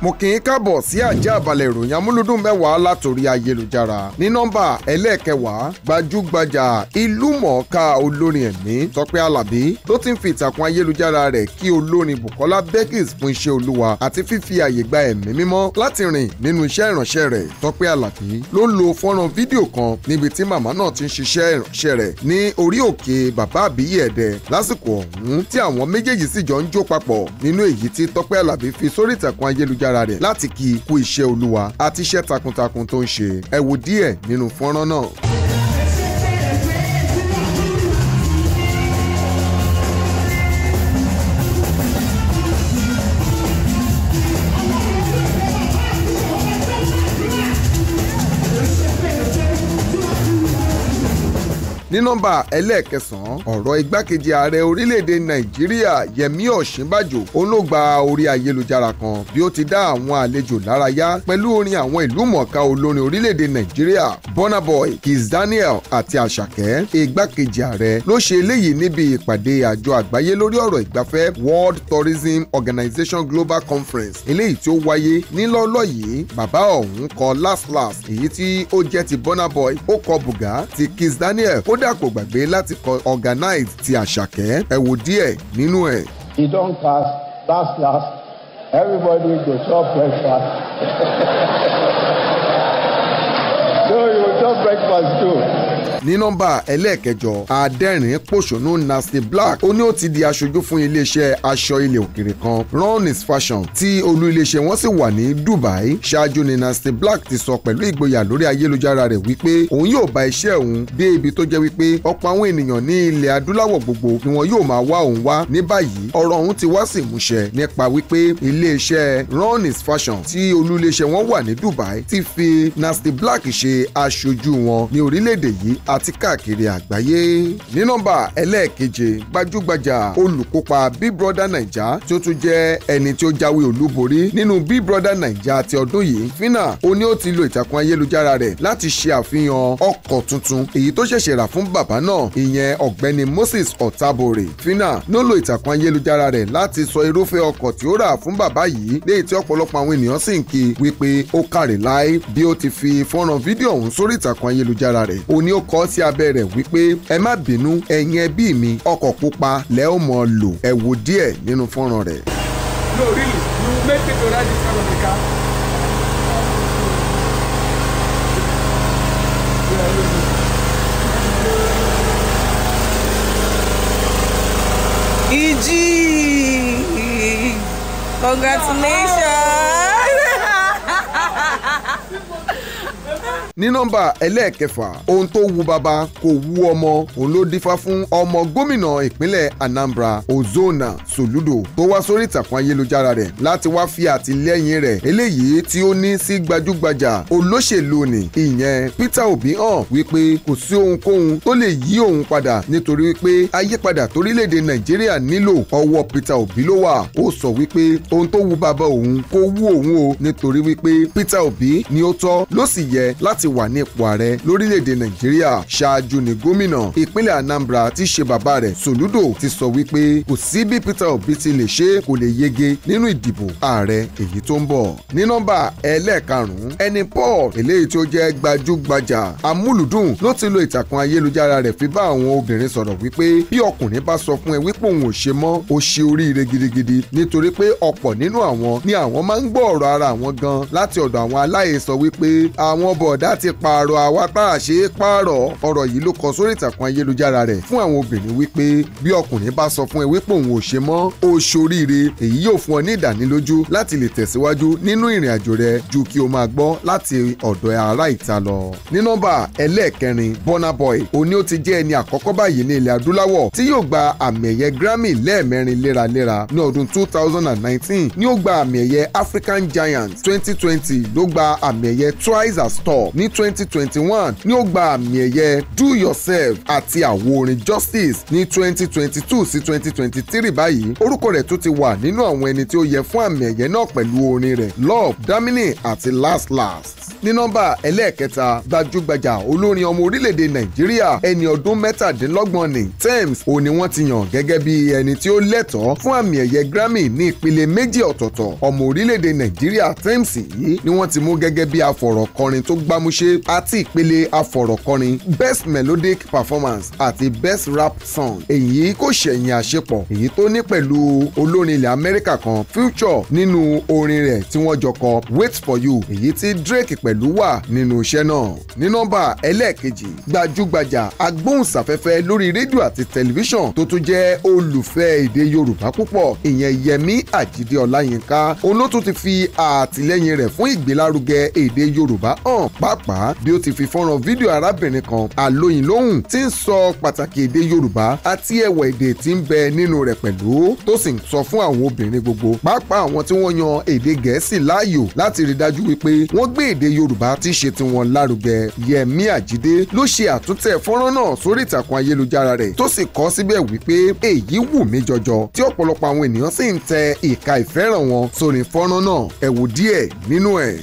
mo kì í káàbọ̀ sí àjẹ́ àbálẹ̀ ìròyìn amúlùdùn mẹ́wàá látòrí ayélujára ní nọ́mbà ẹlẹ́ẹ̀kẹwàá gbajúgbajà ìlúmọ̀ọ́ká olórin ẹ̀mí tọ́pẹ́ alábí tó ti ń fi ìtàkùn ayélujára rẹ̀ kí olórin bukola beckis fún iṣẹ́ olúwa àti fífi àyè gba ẹ̀mí mímọ́ láti rìn nínú iṣẹ́ ìrànṣẹ́ rẹ̀ tọ́pẹ́ alábí ló lo fọ́nrán fídíò kan níbi tí màmá náà ti ń ṣiṣẹ́ ìrànṣẹ́ rẹ̀ ní orí òkè bàbá àbíyí ẹ̀dẹ̀ lásìkò ọ̀hún tí àwọn méjèèjì sì jọ ń jó papọ̀ nínú èyí tí tọ́pẹ́ alábí fi sórí ìtàkùn ayélujára ayélujára rẹ̀ láti kí i kú iṣẹ́ olúwa àti iṣẹ́ takuntakun tó ń ṣe ẹ wò díẹ̀ nínú fọ́nrán náà. ní nọ́mbà ẹlẹ́ẹ̀kẹsàn-án ọ̀rọ̀ igbákejì ààrẹ orílẹ̀-èdè nàìjíríà yẹmí ọ̀ṣínbàjò òun ló gba orí ayélujára kan bí ó ti dá àwọn àlejò lárayá pẹ̀lú orin àwọn ìlú mọ̀ọ́ká olórin orílẹ̀-èdè nàìjíríà burna boy kiss daniel àti àṣàkẹ́ igbákejì ààrẹ ló ṣe eléyìí níbi ìpàdé àjọ àgbáyé lórí ọ̀rọ̀ ìgbafẹ́ world tourism organization global conference eléyìí tí ó wáyé nílọ́lọ́ yìí bàbá ọ̀hún kọ last last èyí tí ó jẹ́ ti Bonaboy boy ó kọ bùgá ti kiss daniel ó kódà kò gbàgbé láti kọ organize ti àṣàkẹ́ ẹ wò díẹ̀ nínú ẹ̀. he don pass last last everybody go chop breakfast so you chop breakfast too ní nọ́mbà ẹlẹ́ẹ̀kẹjọ àádẹ́rìn pòṣónú Nasty Black ó ní ó ti di aṣojú fún iléeṣẹ́ aṣọ ilẹ̀ òkèrè kan Ronis Fashion tí olú iléeṣẹ́ wọn sì wà ní Dubai ṣáájú ni Nasty Black ti sọ pẹ̀lú ìgboyà lórí ayélujára rẹ̀ wípé òun yóò bá iṣẹ́ òun dé ibi tó jẹ́ wípé ọ̀pọ̀ àwọn ènìyàn ní ilẹ̀ adúláwọ̀ gbogbo ni wọn yóò máa wá òun wá ní báyìí ọ̀rọ̀ òun ti wá sí ìmúṣẹ nípa wípé iléeṣẹ́ Ronis Fashion tí olú iléeṣẹ́ wọn wà ní Dubai ti fi Nasty Black ṣe aṣojú wọn ní orílẹ̀-èdè yìí yìí àti káàkiri àgbáyé. ní nọ́mbà ẹlẹ́ẹ̀keje gbajúgbajà olùkópa Big Brother Naija tí ó tún jẹ́ ẹni tí ó jáwé olúborí nínú Big Brother Naija ti ọdún yìí Fina ó ní ó ti lo ìtàkùn ayélujára rẹ̀ láti ṣe àfihàn ọkọ̀ tuntun èyí tó ṣẹ̀ṣẹ̀ rà fún bàbá náà ìyẹn ọ̀gbẹ́ni Moses Ọ̀tàbòrè Fina ló lo ìtàkùn ayélujára rẹ̀ láti sọ irúfẹ́ ọkọ̀ tí ó rà fún bàbá yìí léyìí tí ọ̀pọ̀lọpọ̀ àwọn ènìyàn sì ń kí wípé ó kárẹ̀ láì bí ó ti fi fọ́nrán fídíò ló kọ sí abẹ́ rẹ̀ wípé ẹ má bínú ẹ̀yin ẹbí mi ọkọ̀ pupa lẹ́ ò mọ̀ lò ẹ wò díẹ̀ nínú fọ́nrán rẹ̀. no really you make me to ride this kind of car. Iji! Congratulations! ní nọ́mbà ẹlẹ́ẹ̀kẹfà ohun tó wu baba kò wu ọmọ òun ló dífá fún ọmọ gómìnà ìpínlẹ̀ Anambra Ozona Soludo tó wá sórí ìtàkùn ayélujára rẹ̀ láti wá fi àtìlẹ́yìn rẹ̀ eléyìí tí ó ní sí gbajúgbajà olóṣèlú ni ìyẹn Peter Obi hàn wípé kò sí ohunkóhun tó lè yí òun padà nítorí wípé ayípadà torílẹ̀-èdè Nàìjíríà nílò ọwọ́ Peter Obi ló wà ó sọ wípé ohun tó wu baba òun kò wu òun o nítorí wípé Peter Obi ni ó tọ́ ló sì yẹ láti wà ní ipò ààrẹ lórílẹ̀‐èdè nàìjíríà ṣáájú ní gómìnà ìpínlẹ̀ anambra tí ṣe bàbá rẹ̀ soludo ti sọ wípé kò sí bí peter obi ti lè ṣe kò lè yege nínú ìdìbò ààrẹ èyí tó ń bọ̀ ní nọ́mbà ẹlẹ́ẹ̀karùn-ún ẹni paul eléyìí tí ó jẹ́ gbajúgbajà amúlùdùn ló ti lo ìtàkùn ayélujára rẹ̀ fi bá àwọn obìnrin sọ̀rọ̀ wípé bí ọkùnrin bá sọ fún ẹ wípé òun ò ṣe mọ́ ó ṣe oríire gidigidi nítorí pé ọ̀pọ̀ nínú àwọn ni àwọn máa ń gbọ́ ọ̀rọ̀ ara àwọn gan láti ọ̀dọ̀ àwọn aláìsọ wípé àwọn bọ̀dá láti pààrọ̀ àwa tá a ṣe é pààrọ̀ ọ̀rọ̀ yìí ló kọ sórí ìtàkùn ayélujára rẹ̀ fún àwọn obìnrin wípé bí ọkùnrin bá sọ fún ẹ wípé òun ò ṣe mọ́ ó ṣoríire èyí yóò fún ọ ní ìdánilójú láti lè tẹ̀síwájú nínú ìrìn àjò rẹ ju kí o máa gbọ́ láti ọ̀dọ̀ ará ìta lọ. ní nọ́mbà ẹlẹ́ẹ̀kẹrin Burna Boy òní ó ti jẹ́ ẹni àkọ́kọ́ báyìí ní ilẹ̀ adúláwọ̀ tí yóò gba àmì ẹ̀yẹ Grammy lẹ́ẹ̀mẹrin léraléra 2019 ni ó gba African Giant 2020 ló gba àmì Twice as tall ní 2021, twenty one ni ó gba àmì ẹ̀yẹ do yourself àti àwo orin justice ní 2022, twenty two sí twenty twenty three báyìí orúkọ rẹ̀ tún ti wà nínú àwọn ẹni tí ó yẹ fún àmì ẹ̀yẹ náà pẹ̀lú orin rẹ̀ love damini àti last last ní nọ́mbà ẹlẹ́ẹ̀kẹta gbajúgbajà olórin ọmọ orílẹ̀-èdè nàìjíríà ẹni ọdún mẹ́tàdínlọ́gbọ̀n ní Tems òun ni wọ́n ti yàn gẹ́gẹ́ bí ẹni tí ó lẹ́tọ̀ọ́ fún àmì ẹ̀yẹ Grammy ní ìpele méjì ọ̀tọ̀ọ̀tọ̀ ọmọ orílẹ̀-èdè nàìjíríà Tems yìí ni wọ́n ti mú gẹ́gẹ́ bí afọ̀rọ̀kọrin tó gbámúṣé àti ìpele afọ̀rọ̀kọrin best melodic performance àti best rap song èyí kò ṣẹ̀yìn àṣepọ̀ èyí tó ní pẹ̀lú olórin ilẹ̀ amẹ́ríkà kan Future nínú orin rẹ̀ tí wọ́n jọ kọ Wait for you èyí tí Drake pẹ̀ pẹ̀lú wà nínú iṣẹ́ náà ní nọ́mbà ẹlẹ́ẹ̀kejì gbajúgbajà agbóhùnsáfẹ́fẹ́ lórí rédíò àti tẹlifíṣàn tó tún jẹ́ olùfẹ́ èdè Yorùbá púpọ̀ ìyẹn Yẹmí Àjídé Ọláyínká òun ti fi àtìlẹ́yìn rẹ̀ fún ìgbélárugẹ èdè Yorùbá hàn pàápàá bí ó ti fi fọ́nrán fídíò arábìnrin kan àlóyìn lóhùn tí ń sọ pàtàkì èdè Yorùbá àti ẹwà èdè tí ń bẹ nínú rẹ̀ pẹ̀lú tó sì ń sọ fún àwọn obìnrin gbogbo pàápàá àwọn tí wọ́n yan èdè Gẹ̀ẹ́sì láàyò láti rí dájú wípé wọ́n gbé èdè yorùbá ti ṣe tiwọn lárugẹ yẹmí àjídé ló ṣe àtúntẹ̀ fọ́nrán náà sórí ìtàkùn ayélujára rẹ̀ tó sì kọ síbẹ̀ wípé èyí wù mí jọjọ tí ọ̀pọ̀lọpọ̀ àwọn ènìyàn sì ń tẹ ìka ìfẹ́ràn wọn sórí fọ́nrán náà ẹ wò díẹ̀ nínú ẹ̀.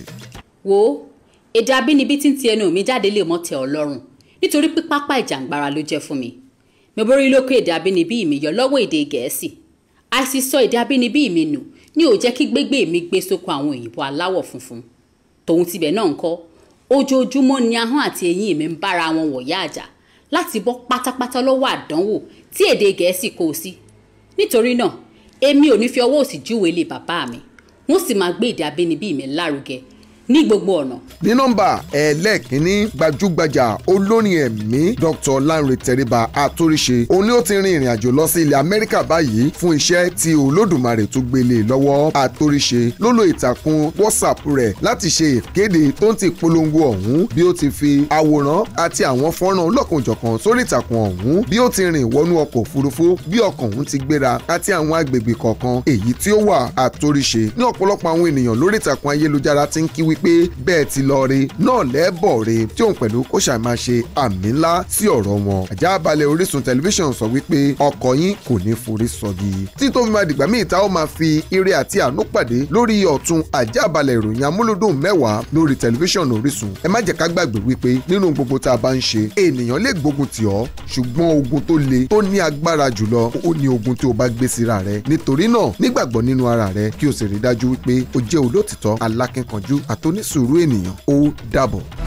wo èdè abínibí tí ń ti ẹnu mi jáde lè mọ́ tẹ ọlọ́run nítorí pípápá ìjàǹgbara ló jẹ́ fún mi mo borí lókè èdè abínibí mi yọ lọ́wọ́ èdè gẹ̀ẹ́sì àìsí èdè abínibí mi nù ni ò jẹ́ kí gbégbé mi gbé sóko àwọn òyìnbó aláwọ̀ funfun tòun tibẹ̀ náà ń kọ́ ojoojúmọ́ ni ahọ́n àti eyín mi ń bára wọn wọ̀yá àjà láti bọ́ pátápátá lọ́wọ́ àdánwò tí èdè gẹ̀ẹ́sì kò sí nítorí náà èmi ò ní fi ọwọ́ òsì júwèé lé bàbá mi wọ́n sì máa gbé èdè abínibí mi lárugẹ ní gbogbo ọ̀nà. ní nọ́mbà ẹlẹ́ẹ̀kínní gbajúgbajà olórin ẹ̀mí Dr. Lanre Tẹríba Àtòríṣe òun ni ó ti rin ìrìn àjò lọ sí ilẹ̀ Amẹ́ríkà báyìí fún iṣẹ́ tí Olódùmarè tún gbélé e lọ́wọ́ Àtòríṣe ló lo ìtàkùn WhatsApp rẹ̀ láti ṣe ìkéde tó ń ti polongo ọ̀hún bí ó ti fi àwòrán àti àwọn fọ́nrán ọlọ́kanòjọ̀kan sórí ìtàkùn ọ̀hún bí ó ti rìn wọnú ọkọ̀ òfurufú bí ọkọ̀ ọ̀hún ti gbéra àti àwọn agbègbè kọ̀ọ̀kan èyí tí ó wà Àtòríṣe ní ọ̀pọ̀lọpọ̀ àwọn ènìyàn lórí ìtàkùn ayélujára ti ń kíwí wípé bẹ́ẹ̀ ti lọ re náà lẹ́bọ̀ re tí òun pẹ̀lú kó ṣàì máa ṣe àmì ńlá sí ọ̀rọ̀ wọn. àjàbalẹ̀ orísun tẹlifíṣàn sọ wípé ọkọ̀ yín kò ní forí sọgi. tí tó fi máa dìgbà míì ta ó máa fi ire àti àánú pàdé lórí ọ̀tún àjàbalẹ̀ ìròyìn amúlùdùn mẹ́wàá lórí tẹlifíṣàn orísun. ẹ má jẹ́ ká gbàgbé wípé nínú gbogbo tá a bá ń ṣe ènìyàn lè gbógun tì ọ́ ṣùgbọ́n ogun tó le tó ní agbára jùlọ ó ní ogun tí o bá gbé síra rẹ nítorí náà nígbàgbọ́ nínú ara rẹ kí o sì rí dájú wípé o jẹ́ olótìtọ́ alákínkanjú àt tó ní sùúrù ènìyàn ó dàbọ̀.